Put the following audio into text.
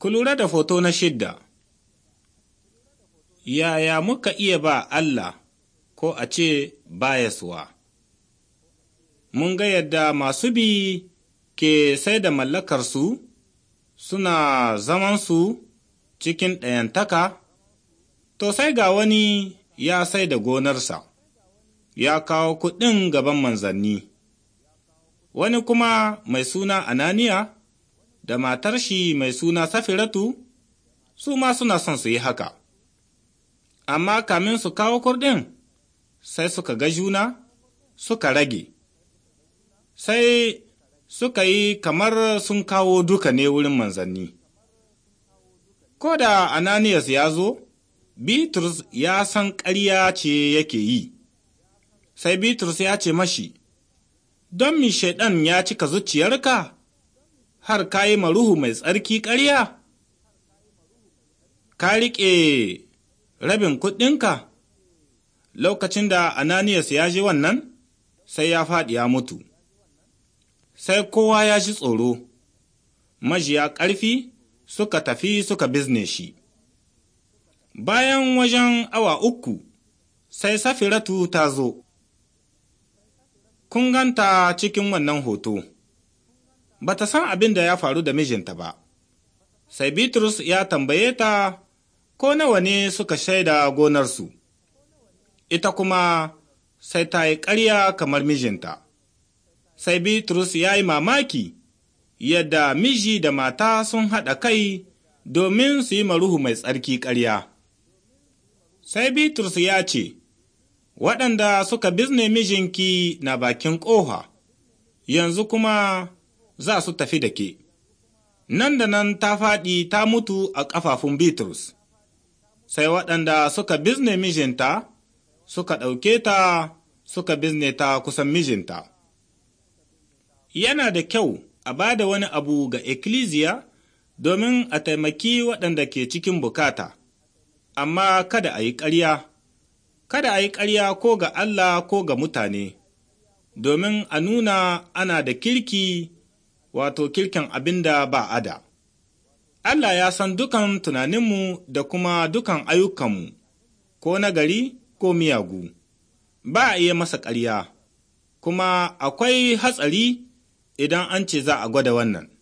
Ku lura da foto na shidda. Yaya muka iya ba Allah ko a ce bayaswa? Mun ga yadda masu bi ke sai da mallakarsu suna zamansu cikin ɗayantaka, to sai ga wani ya sai da gonarsa, ya kawo kuɗin gaban manzanni, wani kuma mai suna Ananiya da matar shi mai suna Safiratu, su ma suna son su yi haka. Amma kamin su kawo kurɗin, sai suka ga juna, suka rage, sai suka yi kamar sun kawo duka ne wurin manzanni. Ko da Ananias ya zo, Bitrus ya san ƙarya ce yake yi, sai Bitrus ya ce mashi, Don mi shaiɗan ya cika zuciyarka? har ka yi maruhu mai tsarki ƙarya? Ka riƙe rabin kuɗinka? Lokacin da Ananias ya ji wannan, sai ya faɗi ya mutu. Sai kowa ya ji tsoro, majiya ƙarfi suka tafi suka bizne shi. Bayan wajen awa uku, sai Safiratu ta zo. Kun ganta cikin wannan hoto. ba ta san abin da ya faru da mijinta ba. Sai Bitrus ya tambaye ta ko nawa ne suka shaida gonarsu, ita kuma sai ta yi ƙarya kamar mijinta. Sai Bitrus ya yi mamaki yadda miji da mata sun haɗa kai domin su yi maruhu mai tsarki ƙarya. Sai Bitrus ya ce, Waɗanda suka bizne mijinki na bakin ƙoha, yanzu kuma za su tafi da ke. Nan da nan ta faɗi ta mutu a ƙafafun Bitrus, sai waɗanda suka bizne mijinta, suka ɗauke ta suka bizne ta kusan mijinta. Yana da kyau a ba da wani abu ga ekiliziya domin a taimaki waɗanda ke cikin bukata, amma kada a yi ƙarya, kada a yi ƙarya ko ga Allah ko ga mutane, domin a nuna ana da kirki wato kirkin abin da ba ada. Allah ya san dukan tunaninmu da kuma dukan ayyukanmu, ko nagari ko miyagu, ba a iya masa ƙarya, kuma akwai hatsari idan an ce za a gwada wannan.